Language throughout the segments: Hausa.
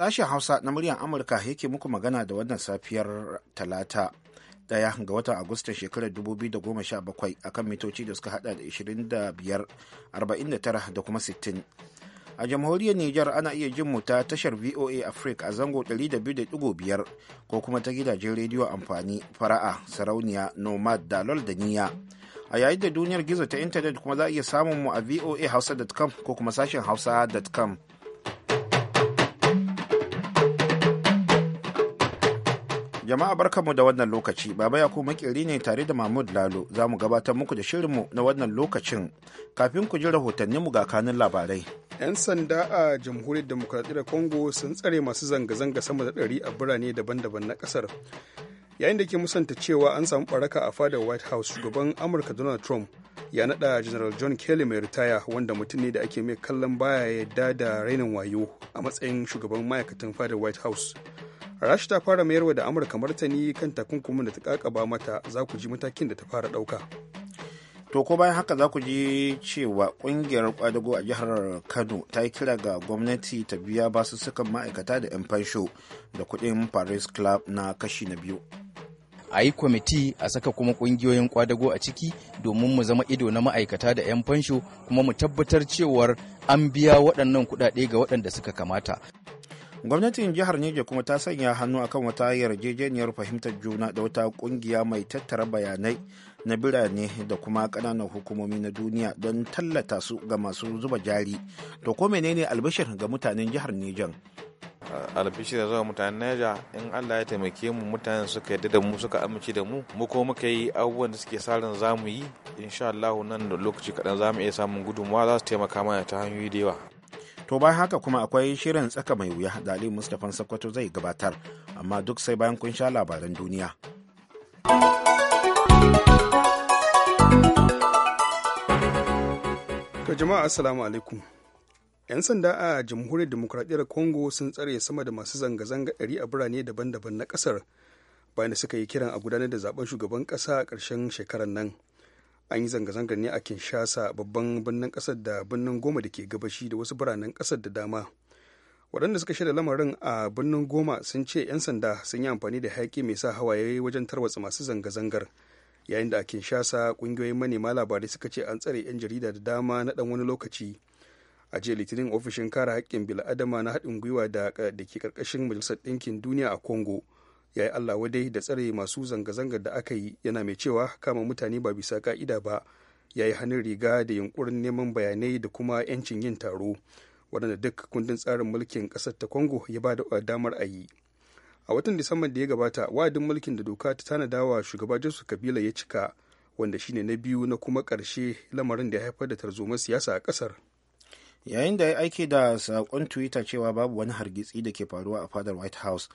Sashen Hausa na muryar Amurka yake muku magana da wannan safiyar Talata daya ga watan Agustan shekarar 2017 kan mitoci da suka hada da 25, 49 da kuma 60. a jamhuriyar Nijar ana iya jin mu ta tashar VOA Africa a zango 200.5 ko kuma ta gidajen rediyo amfani fara'a sarauniya nomad da dalol da niya a yayin da duniyar gizo ta intanet kuma za a iya samun mu a voahausa.com ko kuma sashen hausa.com Jama'a barkamu da wannan lokaci, Baba ya ku makeri ne tare da Mahmud Lalo za mu gabatar muku da shirinmu na wannan lokacin kafin ku ji rahotanninmu ga kanun labarai. 'Yan sanda a Jamhuriyar Demokuraɗiyyar Congo sun tsare masu zanga-zanga sama da ɗari a birane daban-daban na ƙasar. Yayin da ke musanta cewa an samu baraka a fadar White House, shugaban Amurka Donald Trump ya naɗa General John Kelly mai ritaya wanda mutum ne da ake mai kallon baya yarda da rainin wayo a matsayin shugaban ma'aikatan fadar White House. rashi ta fara mayarwa da amurka martani kan takunkumin da ta kakaba mata za ku ji matakin da ta fara dauka. to ko bayan haka za ku ji cewa kungiyar kwadago a jihar kano ta yi kira ga gwamnati ta biya basussukan ma'aikata da 'yan fansho da kuɗin paris club na kashi na biyu a yi kwamiti a saka kuma kungiyoyin kwadago a ciki domin mu zama ido na ma'aikata da 'yan fansho kuma mu tabbatar cewar an biya waɗannan kuɗaɗe ga waɗanda suka kamata gwamnatin jihar niger kuma ta sanya hannu akan wata yarjejeniyar fahimtar juna da wata kungiya mai tattara bayanai na birane da kuma kananan hukumomi na duniya don tallata su ga masu zuba jari to ko menene albishir ga mutanen jihar niger albishir zuwa mutanen Neja in Allah ya taimake mu mutanen suka yadda da mu suka amince da mu mu ko muka yi abubuwan da suke sarin zamu yi insha allahu nan da lokaci kaɗan zamu iya samun gudunmawa za su taimaka mana ta hanyoyi da yawa to bayan haka kuma akwai shirin tsaka mai wuya da ali mustapha sakwato zai gabatar amma duk sai bayan kun sha labaran duniya to jama'a assalamu alaikum 'yan sanda a jamhuriyar demokradiyyar congo sun tsare sama da masu zanga-zanga ɗari a birane daban-daban na kasar bayan da suka yi kiran a gudanar da zaben shugaban kasa a ƙarshen shekarar nan an yi zanga-zangar ne a kinshasa babban birnin kasar da birnin goma da ke gabashi da wasu biranen kasar da dama waɗanda suka shirya lamarin a birnin goma sun ce 'yan sanda sun yi amfani da hayaƙi mai sa hawaye wajen tarwatsa masu zanga-zangar yayin da a kinshasa ƙungiyoyin manema labarai suka ce an tsare 'yan jarida da dama na ɗan wani lokaci a jiya litinin ofishin kare haƙƙin bil'adama na haɗin gwiwa da ke ƙarƙashin majalisar ɗinkin duniya a kongo. ya yi allah wadai da tsare masu zanga zanga da aka yi yana mai cewa kama mutane ba bisa ka'ida ba ya yi hannun riga da yunkurin neman bayanai da kuma 'yancin yin taro waɗanda duk kundin tsarin mulkin ƙasar ta congo ya ba da damar a yi a watan disamban da ya gabata wa'adin mulkin da doka ta tana dawa shugaba joseph kabila ya cika wanda shine na biyu na kuma ƙarshe lamarin da ya haifar da tarzoma siyasa a ƙasar yayin da ya aiki da saƙon twitter cewa babu wani hargitsi da ke faruwa a fadar white house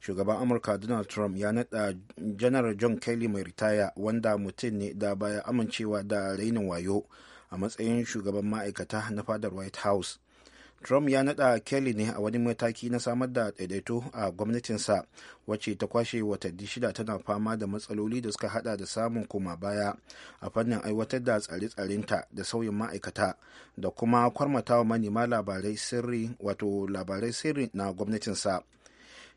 shugaban amurka donald trump ya nada janar john kelly mai ritaya wanda mutum ne da baya amincewa da rainin wayo a matsayin shugaban ma'aikata na fadar white house trump ya nada kelly ne a wani mataki na samar da daidaito a gwamnatinsa wacce ta kwashe watanni shida tana fama da matsaloli da suka hada da samun koma baya a fannin aiwatar da tsare-tsarenta da sauyin ma'aikata da kuma kwarmatawa manema labarai sirri wato labarai sirri na gwamnatinsa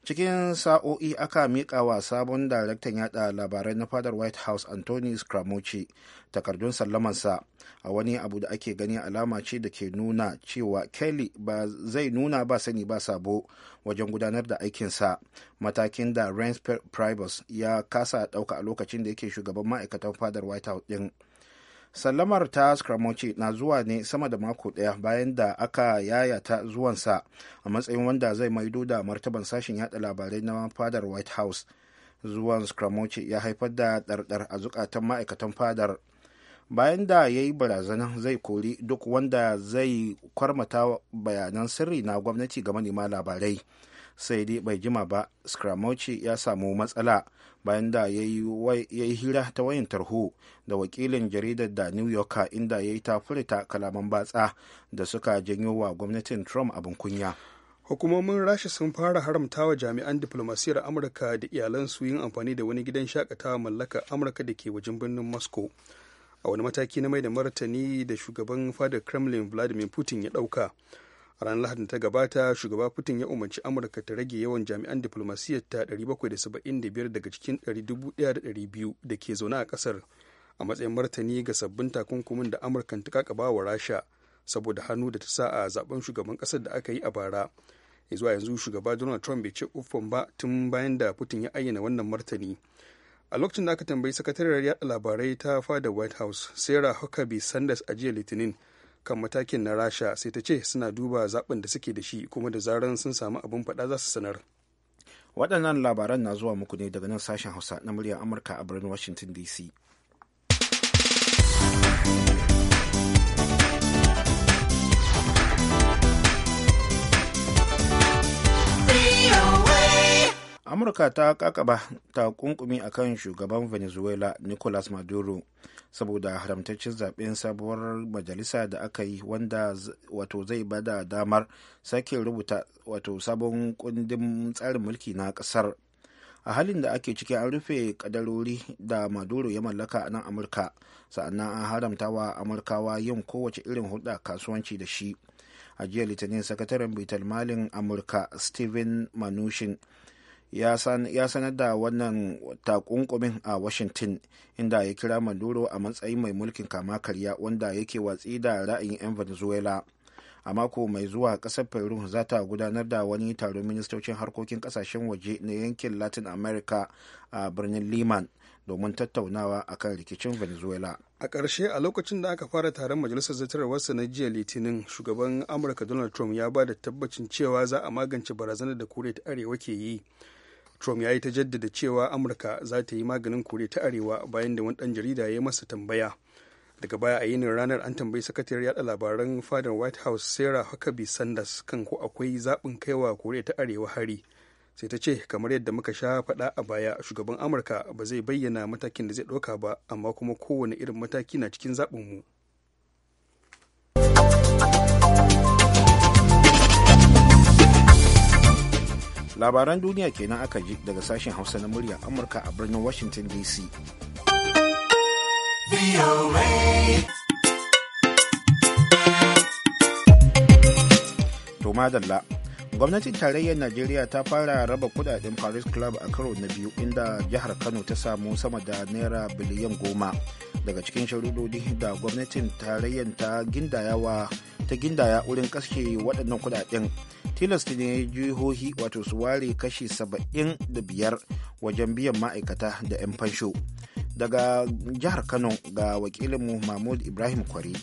cikin sa'o'i aka mika wa sabon daraktan yada labarai na fadar white house anthony scramucci takardun sallamansa a wani abu da ake gani alama ce da ke nuna cewa kelly ba zai nuna ba sani ba sabo wajen gudanar da aikinsa matakin da rance private ya kasa ɗauka a lokacin da yake shugaban ma'aikatan fadar white house ɗin. sallamar ta skramoci na zuwa ne sama da mako daya bayan da aka yayata zuwansa a matsayin wanda zai maido da martaban sashen yada labarai na fadar white house zuwan skramoci ya haifar da dardar a zukatan ma'aikatan fadar bayan da ya yi barazana zai kori duk wanda zai kwarmata bayanan sirri na gwamnati ga manema labarai sai dai bai jima ba scaramucci ya samu matsala bayan da ya yi hira ta wayan tarho da wakilin jaridar da new yorker inda ya yi ta furta kalaman batsa da suka janyo wa gwamnatin trump abin kunya hukumomin rasha sun fara haramta wa jami'an diplomasiyar amurka da iyalansu yin amfani da wani gidan shakatawa mallaka amurka da ke wajen birnin moscow a wani mataki na mai da martani da shugaban fadar kremlin vladimir putin ya ɗauka. a ranar lahadin ta gabata shugaba putin ya umarci amurka ta rage yawan jami'an diflomasiyyar ta 775 daga cikin 1,200 da ke zaune a kasar a matsayin martani ga sabbin takunkumin da amurka ta kakaba wa rasha saboda hannu da ta sa a zaben shugaban kasar da aka yi a bara zuwa yanzu shugaba donald trump bai ce uffon ba tun bayan da putin ya ayyana wannan martani a lokacin da aka tambayi sakatariyar yada labarai ta fada white house sarah huckabee sanders a jiya litinin kan matakin na rasha sai ta ce suna duba zaben da suke da shi kuma da zaran sun samu abin faɗa za su sanar waɗannan labaran na zuwa muku ne daga nan sashen hausa na muryar amurka a birnin washington dc amurka ta kakaba ta kunkumi akan shugaban venezuela nicolas maduro saboda haramtaccen zaben sabuwar majalisa da aka yi wanda wato zai bada damar sake rubuta wato sabon kundin tsarin mulki na kasar a halin da ake ciki an rufe kadarori da maduro ya mallaka a nan amurka sa'annan an haramta wa amurkawa yin kowace irin hulɗa kasuwanci da shi a jiya litinin sakataren bitalmalin amurka steven manushin ya sanar da wannan takunkumin a washington inda ya kira maduro a matsayin mai mulkin kama karya wanda yake watsi da ra'ayin 'yan venezuela a mako mai zuwa kasar peru za ta gudanar da wani taron ministocin harkokin kasashen waje na yankin latin america a birnin liman domin tattaunawa a kan rikicin venezuela a ƙarshe a lokacin da aka fara taron majalisar zartarwarsa na jiya litinin shugaban amurka donald trump ya ba da tabbacin cewa za a magance barazanar da koriya ta arewa ke yi trump ya yi ta jaddada cewa amurka za ta yi maganin kore ta arewa bayan da wani ɗan jarida ya yi masa tambaya daga baya a yinin ranar an tambayi sakatariyar yada labaran fadar white house sarah huckabee sanders kan ko akwai zaɓin kaiwa kore ta arewa hari sai ta ce kamar yadda muka sha faɗa a baya shugaban amurka ba zai bayyana matakin da zai ɗauka ba amma kuma kowane irin mataki na cikin zaɓinmu labaran duniya kenan aka ji daga sashen hausa na murya amurka a birnin washington dc to gwamnatin tarayyar najeriya ta fara raba kudaden paris club a karo na biyu inda jihar kano ta samu sama da naira biliyan goma daga cikin sharudodi da gwamnatin tarayyar ta gindaya wurin kaske waɗannan kudaden tilasta ne jihohi wato su ware kashi 75 wajen biyan ma'aikata da 'yan fansho daga jihar kano ga wakilinmu mahmud ibrahim kwari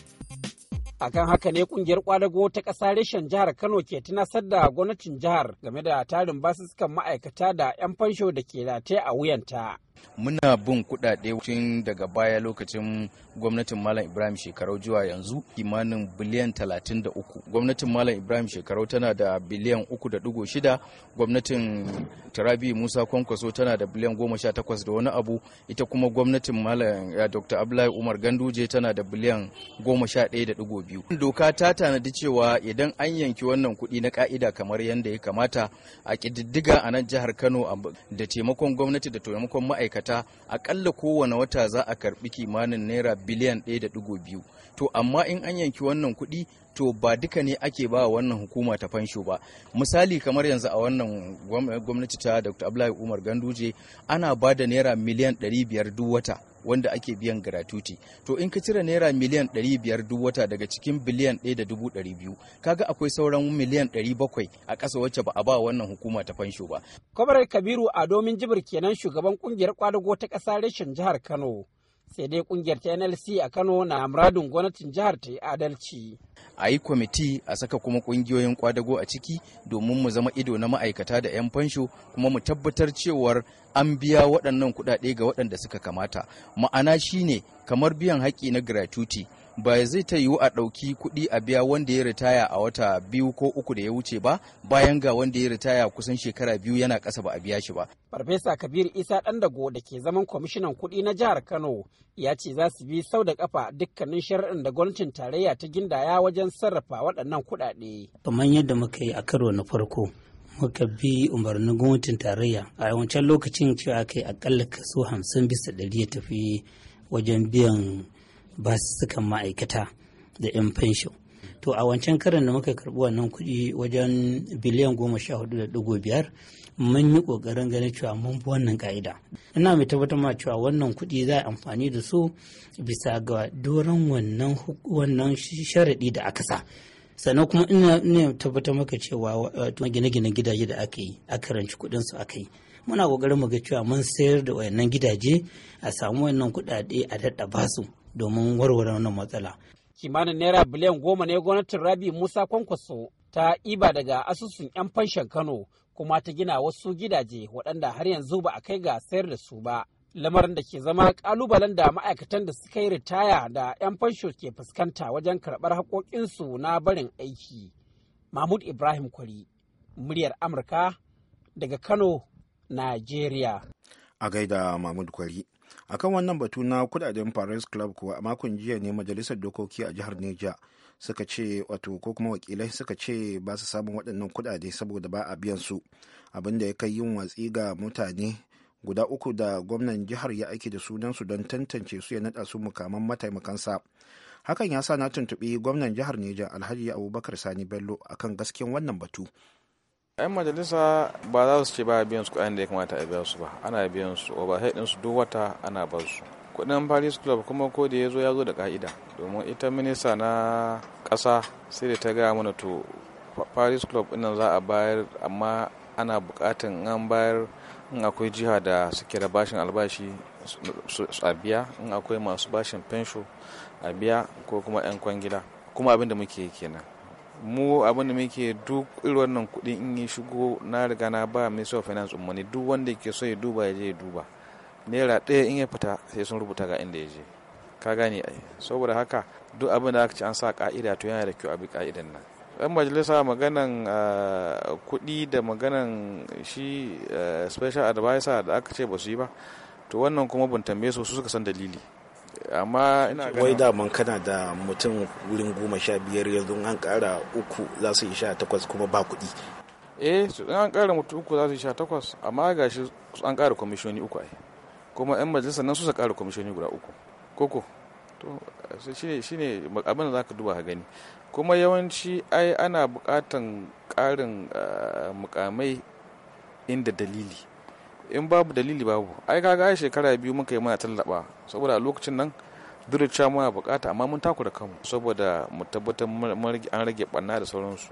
akan haka ne kungiyar kwadago ta ƙasa reshen jihar kano ke tunasar da gwamnatin jihar game da tarin basussukan ma'aikata da 'yan fansho da ke rataye a wuyanta muna bin kuɗaɗe tun daga baya lokacin gwamnatin malam ibrahim shekarau zuwa yanzu kimanin biliyan 33 gwamnatin malam ibrahim shekarau tana da biliyan 3.6 gwamnatin tarabi musa kwankwaso tana da biliyan 18 da wani abu ita kuma gwamnatin malam eh, dr abdullahi umar ganduje tana da biliyan 11.2 doka ta tanadi cewa idan an yanki wannan kuɗi na ka'ida kamar yadda ya kamata a ƙididdiga a nan jihar kano da taimakon gwamnati da taimakon ma'aikata ma'aikata akalla kowane wata za a karbi kimanin naira biliyan 1.2 to amma in an yanki wannan kuɗi to ba duka ne ake ba wannan hukuma ta fansho ba misali kamar yanzu a wannan gwamnati ta dr abdullahi umar ganduje ana ba da naira miliyan 500 duk wata wanda ake biyan gratuity to in ka cire naira miliyan 500 duk wata daga cikin biliyan da 1.200 kaga akwai sauran miliyan bakwai a ƙasa wacce ba a ba wannan hukuma ta fansho ba. Kwamarar Kabiru a domin jibir kenan shugaban ƙungiyar kwadago ta ƙasa reshen jihar Kano. sai dai kungiyar ta nlc a kano na muradin gwamnatin jihar ta yi adalci a yi kwamiti a saka kuma kungiyoyin kwadago a ciki domin mu zama ido na ma'aikata da 'yan fansho kuma mu tabbatar cewar an biya waɗannan kuɗaɗe ga waɗanda suka kamata ma'ana shine kamar biyan haƙƙi na gratuity ba zai ta yiwu a ɗauki kuɗi a biya wanda ya ritaya a wata biyu ko uku da ya wuce ba bayan ga wanda ya ritaya kusan shekara biyu yana ƙasa ba a biya shi ba. Farfesa Kabir Isa dago da ke zaman kwamishinan kuɗi na jihar Kano ya ce za su bi sau da ƙafa dukkanin shari'ar da gwamnatin tarayya ta gindaya wajen sarrafa waɗannan kuɗaɗe. Kamar yadda muka yi a karo na farko muka bi umarnin gwamnatin tarayya a yawancin lokacin cewa kai akalla kaso hamsin bisa ɗari ya tafi wajen biyan ba su ma'aikata da 'yan fensho to a wancan karin da muka karbi wannan kuɗi wajen biliyan goma sha hudu da ɗigo biyar mun yi ƙoƙarin ganin cewa mun bi wannan ka'ida ina mai tabbatar ma cewa wannan kuɗi za a amfani da su bisa ga doron wannan sharaɗi da aka sa sannan kuma ina ne tabbatar maka cewa gine-ginen gidaje da aka yi aka ranci kuɗin su aka yi muna ƙoƙarin mu ga cewa mun sayar da wayannan gidaje a samu wannan kuɗaɗe a daɗa basu domin warware wannan matsala. Kimanin naira biliyan goma ne gwamnatin Rabi Musa Kwankwaso ta iba daga asusun 'yan fanshan Kano kuma ta gina wasu gidaje waɗanda har yanzu ba a kai ga sayar da su ba. Lamarin da ke zama ƙalubalen da ma'aikatan da suka yi ritaya da 'yan fansho ke fuskanta wajen karɓar haƙoƙinsu na barin aiki. Mahmud Ibrahim Kwari, muryar Amurka daga Kano, Najeriya. A gaida Mahmud Kwari. akan wannan batu na kudaden paris club kuwa a makon jiya ne majalisar dokoki a jihar neja suka ce wato ko kuma wakilai suka ce ba su samun waɗannan kudade saboda ba a biyan su abin da ya kai yin watsi ga mutane guda uku da gwamnan jihar ya aiki da su don tantance su ya naɗa su mukaman mataimakansa hakan ya sa na tuntuɓi gwamnan jihar neja alhaji abubakar sani bello akan gasken wannan batu 'yan majalisa ba za su ce ba biyan su kuɗin da ya kamata a biya su ba ana biyan su ba sai su duk wata ana ba su kuɗin paris club kuma ko da ya zo ya zo da ka'ida domin ita minista na ƙasa sai da ta gaya mana to paris club ɗin za a bayar amma ana buƙatan an bayar in akwai jiha da suke da bashin albashi a biya in akwai masu bashin fensho a biya ko kuma 'yan kwangila kuma abin da muke kenan mu abin da muke duk irin wannan kuɗi in yi shigo na riga na ba ministry of finance umarni duk wanda ke so ya duba ya je ya duba naira ɗaya in ya fita sai sun rubuta ga inda ya je ka gane ai saboda haka duk abin da aka ci an sa ka'ida to yana da kyau a bi ka'idan nan yan majalisa maganan ah, kuɗi da maganan shi eh, special advisor da aka ce ba su yi ba to wannan kuma ban tambaye su suka san dalili amma ina wai daman kana da mutum wurin goma sha biyar yanzu an kara uku za su yi sha takwas kuma ba kuɗi eh su an kara mutum uku za su yi sha takwas amma ga shi an kara kwamishoni uku ai kuma yan majalisa nan su sa kara kwamishoni guda uku koko to shine shine abin da zaka duba ka gani kuma yawanci ai ana bukatan karin eh, mukamai inda dalili in babu dalili babu ai kaga ai shekara biyu muka yi mana tallaba saboda a lokacin nan duk da muna bukata amma mun taku takura kanmu saboda mu tabbatar an rage banna da sauransu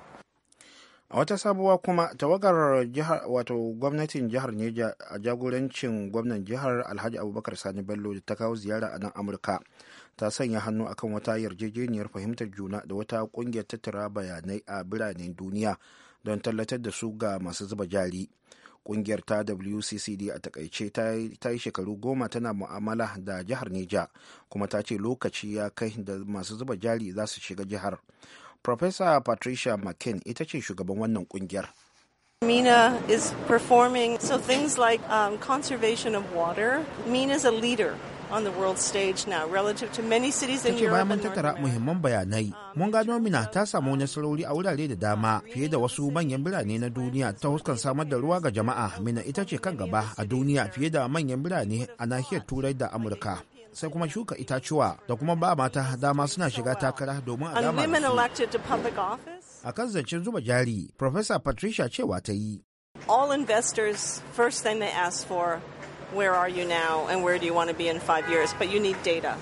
a wata sabuwa kuma tawagar jihar wato gwamnatin jihar neja a jagorancin gwamnan jihar alhaji abubakar sani bello da ta kawo ziyara a nan amurka ta sanya hannu akan wata yarjejeniyar fahimtar juna da wata kungiyar tattara bayanai a biranen duniya don tallatar da su ga masu zuba jari kungiyar ta wccd a takaice ta yi shekaru goma tana mu'amala da jihar neja kuma ta ce lokaci ya kai da masu zuba jari za su shiga jihar professor patricia mccain ita ce shugaban wannan kungiyar Mina is performing so things like um, conservation of water. Mina is a leader on the world stage now relative to many cities in bayan mun tattara muhimman bayanai, um, mun gano Mina ta samu nasarori a wurare da dama um, fiye da wasu manyan birane na duniya ta huskan samar da ruwa ga jama'a. Um, Mina ita ce kan gaba a duniya fiye da manyan birane a nahiyar Turai da Amurka. sai kuma shuka itacuwa da kuma ba mata dama suna shiga takara domin a dama a kan zancen zuba jari professor patricia cewa ta yi all investors first thing they ask for where are you now and where do you want to be in five years, but you need data.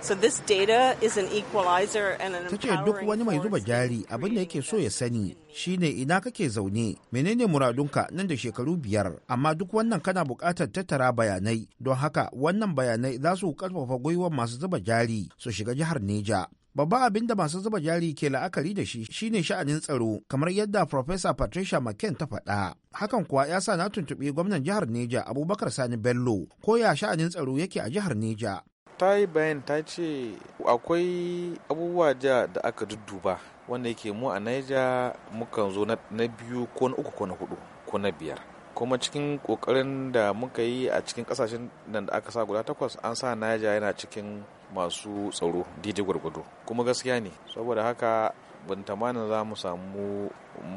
So this data is an equalizer and an Ta ce duk wani mai zuba jari abin da yake so ya sani shine ina kake zaune menene muradunka nan da shekaru biyar amma duk wannan kana buƙatar tattara bayanai don haka wannan bayanai za su karfafa gwiwar masu zuba jari su shiga jihar Neja babban abin da masu zuba jari ke la'akari da shi shine sha'anin tsaro kamar yadda Profesa Patricia McKen ta faɗa. Hakan kuwa ya sa na tuntuɓi gwamnan jihar Neja Abubakar Sani Bello ko ya sha'anin tsaro yake a jihar Neja. Ta yi bayan ta ce akwai abubuwa da aka dudduba wanda yake mu a Neja mukan zo na biyu ko na uku ko na hudu ko na biyar. kuma cikin kokarin da muka yi a cikin kasashen nan da aka sa guda takwas an sa naja yana cikin masu tsaro daidai gwargwado kuma gaskiya ne saboda haka ban tamanin za mu samu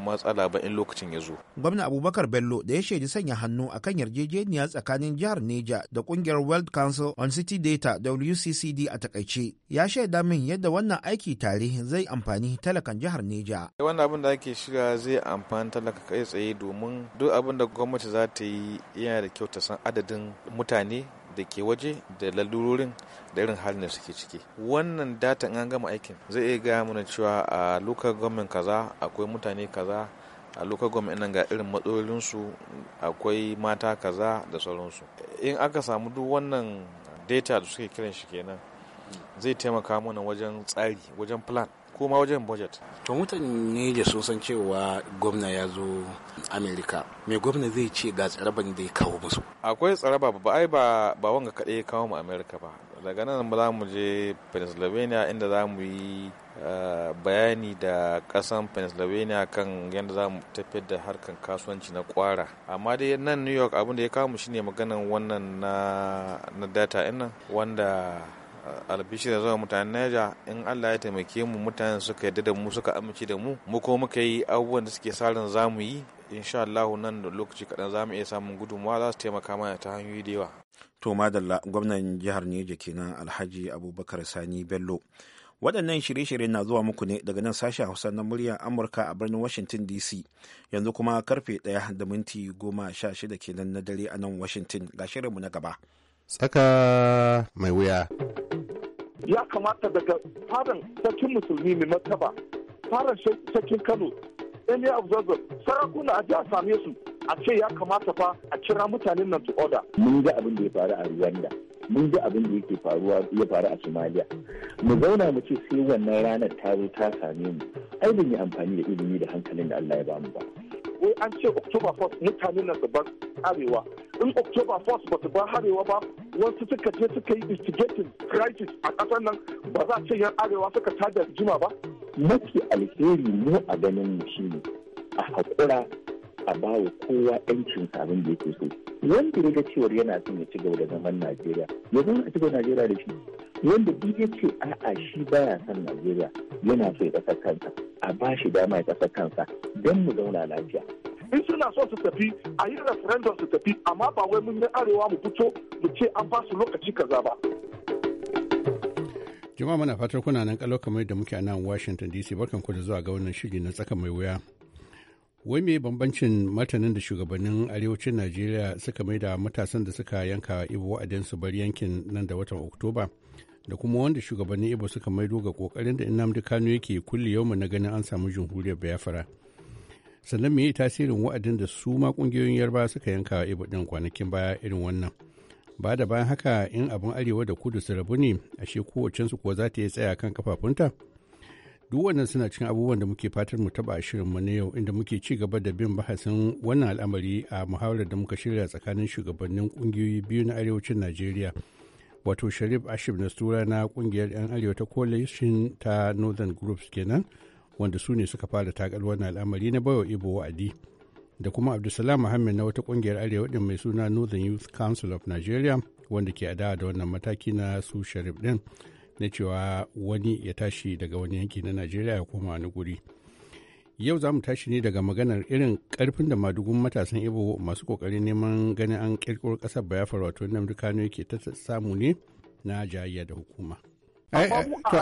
matsala ba in lokacin ya zo. Gwamna Abubakar Bello da ya shaidi sanya hannu a kan yarjejeniya tsakanin jihar Neja da kungiyar World Council on City Data WCCD a takaice ya shaida min yadda wannan aiki tare zai amfani talakan jihar Neja. Wannan abin da ake shiga zai amfani talaka kai tsaye domin duk abin da gwamnati za ta yi yana da kyau ta san adadin mutane da ke waje da lalurorin da irin halin da suke ciki wannan data in an gama aikin zai iya gaya mana cewa a local government kaza akwai mutane kaza a local government nan ga irin matsalolinsu akwai mata kaza da sauransu in aka samu duk wannan data da suke kiran shi kenan zai taimaka mana wajen tsari wajen plan kuma wajen budget to mutane da sun san cewa gwamna ya zo amerika mai gwamna zai ce ga tsaraban da ya kawo musu akwai tsaraba ba ai ba ba wanga kaɗai ya kawo mu amerika ba daga nan za mu je pennsylvania inda za mu yi eh, bayani da kasan pennsylvania kan yadda za mu tafiyar da harkan kasuwanci na kwara amma dai nan new york abin da ya kawo mu shine maganan wannan na data nan wanda albishi da zuwa mutanen Niger in Allah ya taimake mu mutanen suka yarda da mu suka amince da mu mu ko muka yi abubuwan da suke sarin zamu yi insha Allah nan da lokaci kaɗan za mu iya samun gudunmawa za su taimaka mana ta hanyoyi da yawa. To madalla gwamnan jihar Neja kenan Alhaji Abubakar Sani Bello. Waɗannan shirye-shirye na zuwa muku ne daga nan sashen Hausa na muryar Amurka a birnin Washington DC yanzu kuma karfe ɗaya da minti goma sha shida kenan na dare a nan Washington ga shirinmu na gaba. tsaka mai wuya. Ya kamata daga fadan sakin musulmi mai martaba, fadan sarkin Kano, Eliya Abzazar, sarakuna a jiya same su a ce ya kamata fa a kira mutanen nan to order. Mun ga abin da ya faru a Rwanda, mun ga abin da yake faruwa ya faru a Somalia. Mu zauna mu ce sai wannan ranar ta zo ta same mu. Ai ban yi amfani da ilimi da hankalin da Allah ya bamu ba. wai an ce october 1st mutane na arewa in october 1st ba su bar arewa ba wasu suka je suka yi instigating crisis a ƙasar nan ba za a ce yan arewa suka tada jima ba mafi alheri mu a ganin mu shine a haƙura a ba wa kowa yancin abin da yake so wanda ya ga cewar yana son ya ci gaba da zaman najeriya ya zama a ci gaba najeriya da shi wanda duk ya ce a'a shi baya san najeriya yana so ya kasar kansa a ba shi dama ya kasar kansa don mu zauna lafiya in suna so su tafi a yi referendum su tafi amma ba wai mun arewa mu fito mu ce an ba lokaci kaza ba jama'a muna fatar kuna nan kalau kamar da muke a nan washington dc barkan ku da zuwa ga wannan shiri na tsaka mai wuya wai me bambancin martanin da shugabannin arewacin najeriya suka mai da matasan da suka yanka ibo wa'adansu bar yankin nan da watan oktoba da kuma wanda shugabannin ibo suka maido ga kokarin da nnamdi kano yake kulle yau na ganin an samu jamhuriyar biafra sannan me tasirin wa'adin da su ma kungiyoyin yarba suka yanka wa ibo din kwanakin baya irin wannan ba da bayan haka in abin arewa da kudu su rabu ne ashe kowacensu kuwa za ta yi tsaya kan kafafunta duk wannan suna cikin abubuwan da muke fatar mu taba shirin mu na yau inda muke ci gaba da bin bahasin wannan al'amari a muhawarar da muka shirya tsakanin shugabannin kungiyoyi biyu na arewacin najeriya wato sharif ashif nastura na kungiyar 'yan arewa ta coalition ta northern groups kenan wanda su ne suka fara takar wannan al'amari na bayo ibo wa'adi da kuma abdulsalam muhammad na wata kungiyar arewa din mai suna northern youth council of nigeria wanda ke adawa da wannan mataki na su sharif din na cewa wani ya tashi daga wani yanki na nigeria ya koma wani guri yau za mu tashi ne daga maganar irin karfin da madugun matasan ibo masu kokarin neman ganin an kirkiro kasar bayafar wato namdi kano yake ta samu ne na jayayya da hukuma eh,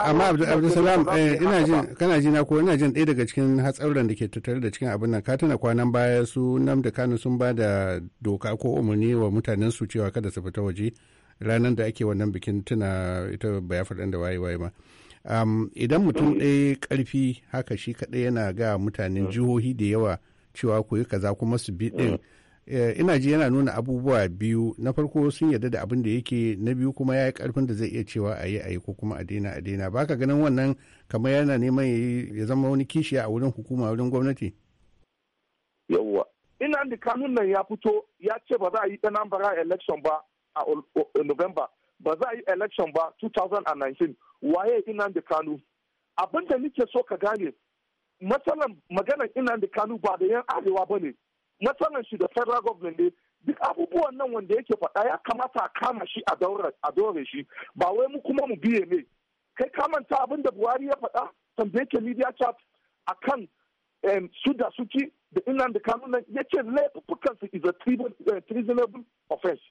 amma eh, abdulsalam eh, ina jin kana ji na ko ina jin ɗaya daga cikin hatsauran da ke tattare da cikin abin nan ka tana kwanan baya su da kano sun ba da doka ko umarni wa mutanen su cewa kada su fita waje ranar da ake wannan bikin tuna ita bayafar ɗan da waye waye ma idan mutum ɗaya ƙarfi haka shi kaɗai yana ga mutanen mm. jihohi da yawa cewa ku yi kaza kuma su bi ɗin mm. eh, ina ji yana nuna abubuwa biyu na farko sun yarda da abin da yake na biyu kuma ya yi karfin da zai iya cewa a yi a ko kuma a daina a daina baka ganin wannan kamar yana neman ya zama wani kishiya a wurin hukuma wurin gwamnati yawwa ina da kanun nan ya fito ya ce ba za a yi ɗanan election ba a november ba za a yi election ba 2019 waye ina da Kanu abin da nake so ka gane matsalan ina da Kanu ba da yan arewa ba ne matsalan shi da federal government ne duk abubuwan nan wanda yake faɗa ya kamata a kama shi a daure shi ba wai mu kuma mu biye ne kai kamanta abin da Buhari ya faɗa tambaye ke media chat akan su da suki da da Kanu nan ya laifukan su is a eh, treasonable offense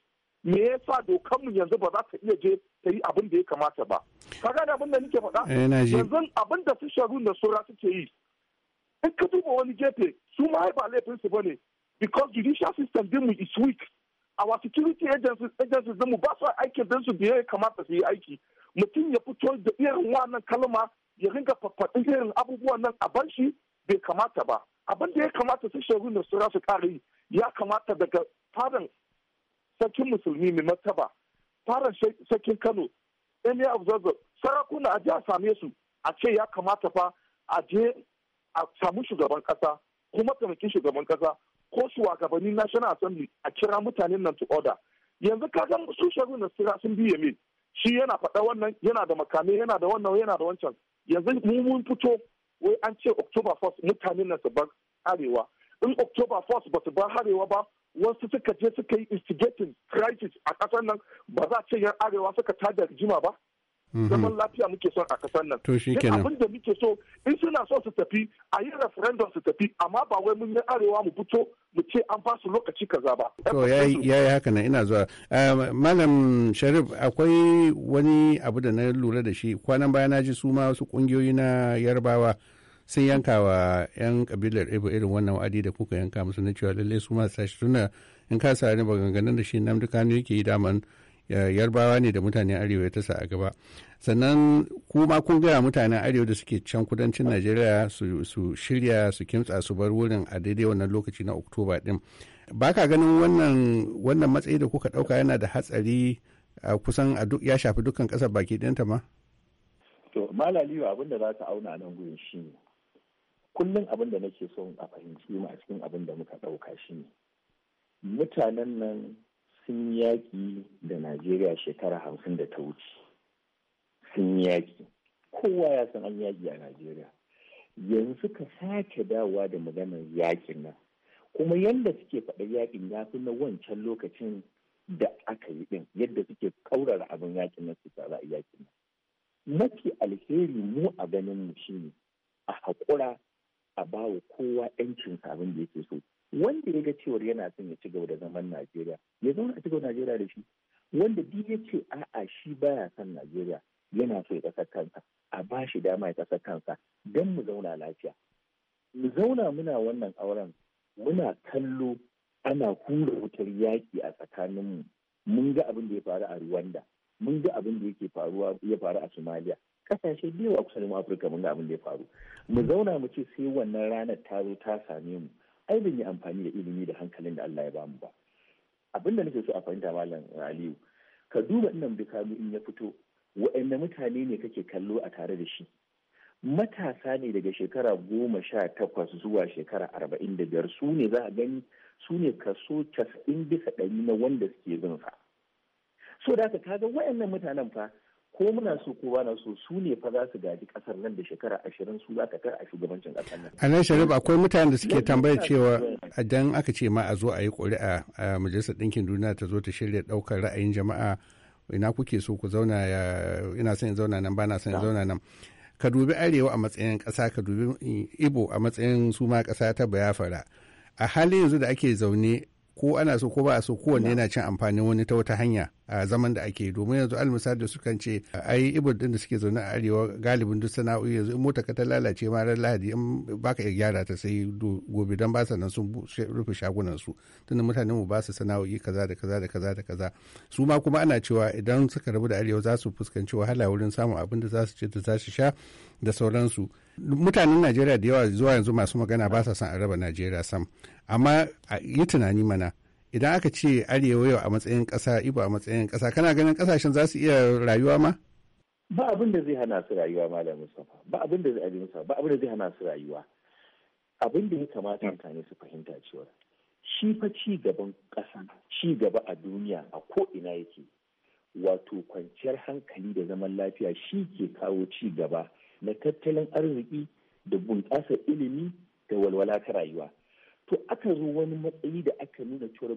me yasa dokan mu yanzu ba za ta iya je ta yi abin da ya kamata ba ka gane abin da nake faɗa eh, yanzu abin da su sharu da sora suke yi in ka duba wani gefe su ma ba laifin su ne. because judicial system din mu is weak our security agencies agencies din mu ba su aikin din su da ya kamata su yi aiki mutum ya fito da irin wannan kalma ya ringa faffaɗin irin abubuwan nan a bar shi bai kamata ba abin da ya kamata su sharu da sora su ƙara yi ya kamata daga fadan sarkin musulmi mai martaba fara sarkin kano emir of zazzau sarakuna a je a same su a ce ya kamata fa a je a samu shugaban kasa ko mataimakin shugaban kasa ko shugabannin national assembly a kira mutanen nan to order yanzu ka ga su shagun na sira sun biye min shi yana faɗa wannan yana da makamai yana da wannan yana da wancan yanzu mu mun fito wai an ce october 1 mutanen nan su bar arewa in october 1 ba su bar arewa ba wasu suka je suka yi instigating crisis a kasar nan ba za a ce yan arewa suka tada jima ba mhm. zaman lafiya muke son a kasar nan to shi abin da muke so in suna so su tafi a yi referendum su tafi amma ba wai mun yi arewa mu fito mu ce an ba su lokaci kaza ba to ya yi haka nan ina zuwa um, malam sharif akwai wani abu da na lura da shi kwanan baya na ji su ma wasu kungiyoyi na yarbawa sun yanka wa 'yan kabilar ibo irin wannan wa'adi da kuka yanka musu na cewa lallai su masu sashi suna in ka sa ba ganganin da shi namdi kano yake yi daman yarbawa ne da mutanen arewa ya tasa a gaba sannan kuma kun gaya mutanen arewa da suke can kudancin najeriya su shirya su kimtsa su bar wurin a daidai wannan lokaci na oktoba din ba ka ganin wannan matsayi da kuka dauka yana da hatsari a kusan ya shafi dukkan kasar baki ɗinta ma to malaliwa abin da za ta auna nan gurin shi ne kullum abin da nake son a fahimci mu a cikin abin da muka ɗauka shi ne mutanen nan sun yaƙi da najeriya shekara hamsin da ta wuce sun yaƙi kowa ya san an yaƙi a najeriya yanzu suka sake dawowa da maganar yaƙin nan kuma yadda suke faɗa yaƙin ya fi na wancan lokacin da aka yi ɗin yadda suke kaurara abin yaƙin nan su tsara yaƙin nan mafi alheri mu a ganin mu shine a haƙura a bawa kowa 'yancin abin da yake so wanda ya ga cewar yana son ya ci gaba da zaman Najeriya ya zauna a cikin Najeriya da shi wanda duk ya ce a'a shi baya son Najeriya yana so ya kasar kansa a ba shi dama ya kasa kansa don mu zauna lafiya mu zauna muna wannan auren muna kallo ana hura wutar yaƙi a tsakaninmu mun ga abin da ya faru a Rwanda mun ga abin da yake faruwa ya faru a Somalia kasashe biyu a kusa da afirka mun ga abin da ya faru mu zauna mu ce sai wannan ranar ta zo ta same mu ai ban yi amfani da ilimi da hankalin da Allah ya bamu ba abin da nake so a fahimta malam Aliyu ka duba innan bikalu in ya fito wa'anne mutane ne kake kallo a tare da shi matasa ne daga shekara goma sha takwas zuwa shekara arba'in da biyar su ne za a gani su ne kaso casa'in bisa ɗari na wanda suke zunfa. so da haka kaga wa'annan mutanen fa ko muna so ko ba na so su ne fa za su gaji kasar nan da shekara ashirin su za ta kai a shugabancin kasar nan. A nan Sharif akwai mutanen da suke tambayar cewa idan aka ce ma a zo a yi ƙuri'a a majalisar ɗinkin duniya ta zo ta shirya ɗaukar ra'ayin jama'a ina kuke so ku zauna ya ina son in zauna nan ba na son in zauna nan. Ka dubi Arewa a matsayin ƙasa ka dubi Ibo a matsayin suma ƙasa ta Bayafara. A halin yanzu da ake zaune ko ana so ko ba a so kowanne yana cin amfanin wani ta wata hanya a zaman da ake domin yanzu almisali da sukan ce ai ibur din da suke zaune a arewa galibin duk sana'o'i yanzu in mota ka ta lalace ma ran lahadi in baka iya gyara ta sai gobe dan ba sanan sun rufe shagunan su tunda mutane mu ba su sana'o'i kaza da kaza da kaza da kaza su ma kuma ana cewa idan suka rabu da arewa za su fuskanci wahala wurin samun abin da za su ci da za su sha da sauransu mutanen najeriya da yawa zuwa yanzu masu magana ba sa son a raba najeriya sam amma yi tunani mana idan aka ce arewa yau a matsayin ƙasa ibo a matsayin ƙasa kana ganin ƙasashen za su iya rayuwa ma ba abin da zai hana su rayuwa malam mustafa ba abin da zai ba abin da zai hana su rayuwa abin da ya kamata mutane su fahimta cewa shi fa ci gaban ƙasa ci gaba a duniya a ko ina yake wato kwanciyar hankali da zaman lafiya shi ke kawo ci gaba na tattalin arziki da bunƙasar ilimi da walwala ta rayuwa to aka zo wani matsayi da aka nuna cewa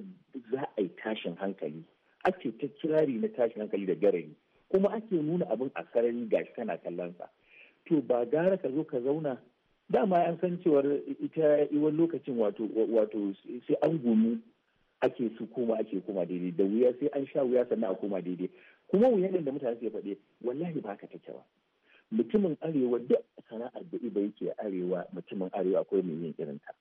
za a yi tashin hankali ake ta kirari na tashin hankali da garari kuma ake nuna abin a sarari gashi kana kallon sa to ba gara ka zo ka zauna dama an san cewar ita wani lokacin wato wato sai an gumi ake su koma ake koma daidai da wuya sai an sha wuya sannan a koma daidai kuma wuya wuyan da mutane suke faɗe wallahi ba ka take ba mutumin arewa duk sana'ar da iba yake arewa mutumin arewa akwai mai yin irin ta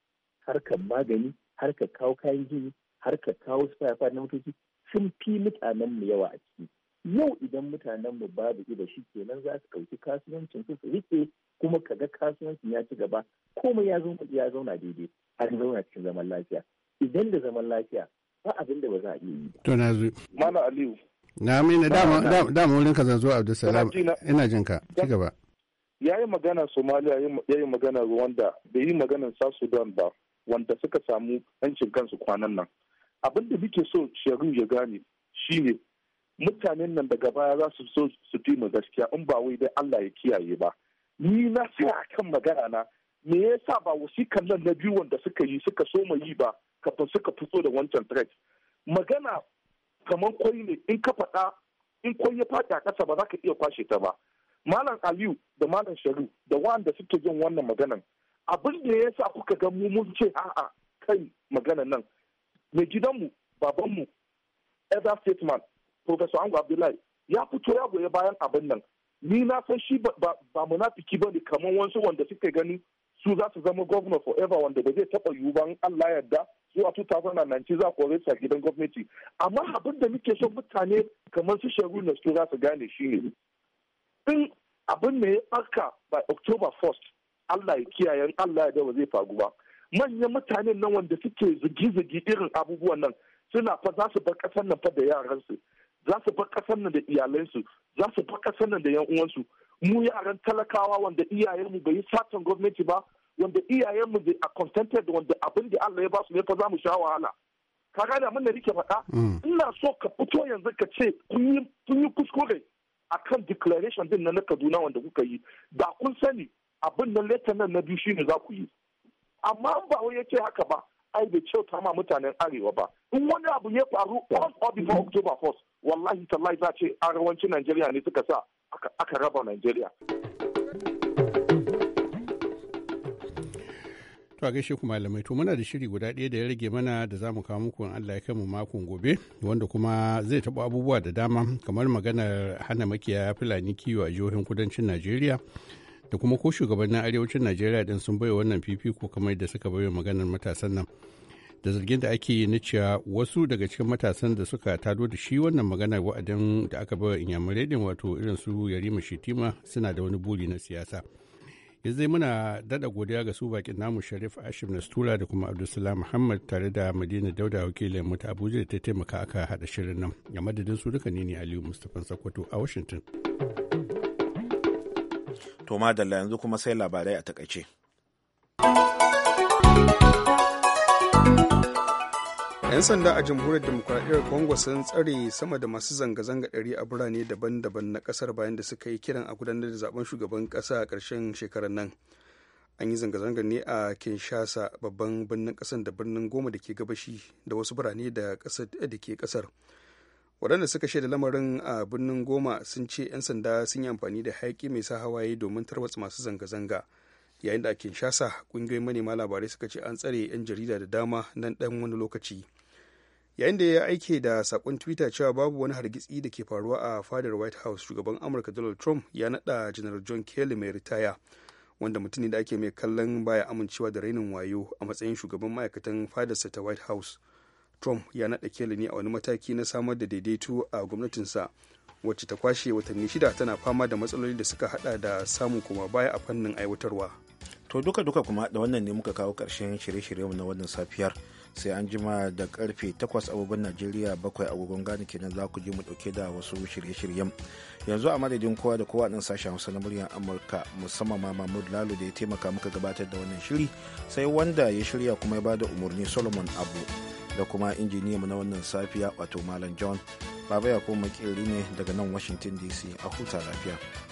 harkar magani harkar kawo kayan jini harkar kawo spare na motoci sun fi mutanen mu yawa a ciki yau idan mutanen mu babu ido shi kenan za su ɗauki kasuwancin su rike kuma kaga kasuwancin ya ci gaba komai ya zo ya zauna daidai an zauna cikin zaman lafiya idan da zaman lafiya ba abin da ba za a iya yi to na zo mana aliyu na amina dama wurin ka zanzo abdulsalam ina jin ka ci gaba ya yi magana somaliya ya yi magana rwanda bai yi magana south sudan ba wanda suka samu 'yancin kansu kwanan nan abin da muke so shari'u ya gane shine mutanen nan daga baya za su so su fi mu gaskiya in ba wai dai Allah ya kiyaye ba ni na a kan magana na me yasa ba wasikan nan na biyu wanda suka yi suka so mu yi ba kafin suka fito da wancan threat magana kamar kwai ne in ka faɗa in kwai ya faɗi a ƙasa ba za ka iya kwashe ta ba malam aliyu da malam sharu da wanda suke jin wannan maganan abin da ya sa kuka ga mu mun ce a kai magana nan mai gidanmu babanmu ever statement professor ango abdullahi ya fito ya goyi bayan abin nan ni na san shi ba munafiki ba ne kamar wasu wanda suka gani su za su zama governor forever wanda ba zai taba yiwu ba Allah yarda zuwa 2019 za ku kore sa gidan gwamnati amma abin da muke son mutane kamar su sharu na su za su gane shi ne in abin da ya ɓarka by october 1st Allah ya kiyaye Allah ya ba zai faru ba manyan mutanen nan wanda suke zigi-zigi irin abubuwan nan suna fa za su bar ƙasar nan fa da yaransu za su bar ƙasar nan da iyalansu za su bar ƙasar nan da yan uwansu mu yaran talakawa wanda iyayenmu bai yi satan gwamnati ba wanda iyayenmu zai a contented wanda abin da Allah ya ba su ne fa za mu sha wahala ka da mun da rike faɗa mm. ina so ka fito yanzu ka ce kun yi kuskure a kan declaration din na na Kaduna wanda kuka yi da kun sani abin nan letter nan na biyu shine za ku yi amma an ba wai ya ce haka ba ai bai ta ma mutanen arewa ba in wani abu ya faru on or before october 1st wallahi tallahi za ce arewacin nigeria ne suka sa aka raba nigeria. To a gaishe kuma malamai to muna da shiri guda ɗaya da ya rage mana da za mu kawo muku Allah ya kai makon gobe wanda kuma zai taɓa abubuwa da dama kamar maganar hana makiya Fulani kiwo a jihohin kudancin Najeriya da kuma ko shugabannin arewacin najeriya din sun bai wannan fifiko kamar da suka bai maganar matasan nan da zargin da ake yi na cewa wasu daga cikin matasan da suka tado da shi wannan magana wa'adin da aka bai wa redin wato irin su yarima shitima suna da wani buri na siyasa yanzu muna dada godiya ga su bakin namu sharif ashim nastura da kuma abdulsala muhammad tare da madina dauda wakilin mu ta abuja da ta taimaka aka hada shirin nan a madadin su duka ne ne aliyu mustapha sakwato a washington To madalla yanzu kuma sai labarai a takaice. yan sanda a jamhuriyar demokuraɗiyyar congo sun tsare sama da masu zanga-zanga ɗari a birane daban-daban na ƙasar bayan da suka yi kiran a gudanar da zaben shugaban ƙasa a ƙarshen shekarar nan an yi zanga-zangar ne a kinshasa babban birnin ƙasar da birnin goma da ke gabashi da wasu birane da ke ƙasar waɗanda suka shaida lamarin a birnin goma sun ce 'yan sanda sun yi amfani da hayaki mai sa hawaye domin tarwatsa masu zanga-zanga yayin da a kinshasa ƙungiyoyin manema labarai suka ce an tsare 'yan jarida da dama nan ɗan wani lokaci yayin da ya aike da sakon twitter cewa babu wani hargitsi da ke faruwa a fadar white house shugaban amurka donald trump ya naɗa janar john kelly mai ritaya wanda mutum ne da ake mai kallon baya amincewa da rainin wayo a matsayin shugaban ma'aikatan fadarsa ta white house trump ya naɗa kele ne a wani mataki na samar da daidaito a gwamnatinsa wacce ta kwashe watanni shida tana fama da matsaloli da suka hada da samun kuma baya a fannin aiwatarwa to duka duka kuma da wannan ne muka kawo karshen shirye-shiryenmu na wannan safiyar sai an jima da karfe 8 agogon najeriya bakwai agogon gani kenan za ku je mu dauke da wasu shirye-shiryen yanzu a madadin kowa da kowa nan sashen hausa na muryar amurka musamman ma mahmud lalo da ya taimaka muka gabatar da wannan shiri sai wanda ya shirya kuma ya bada umarni solomon abu da kuma injiniyanmu na wannan safiya wato malam john baba ya kuma makeri ne daga nan washington dc a huta lafiya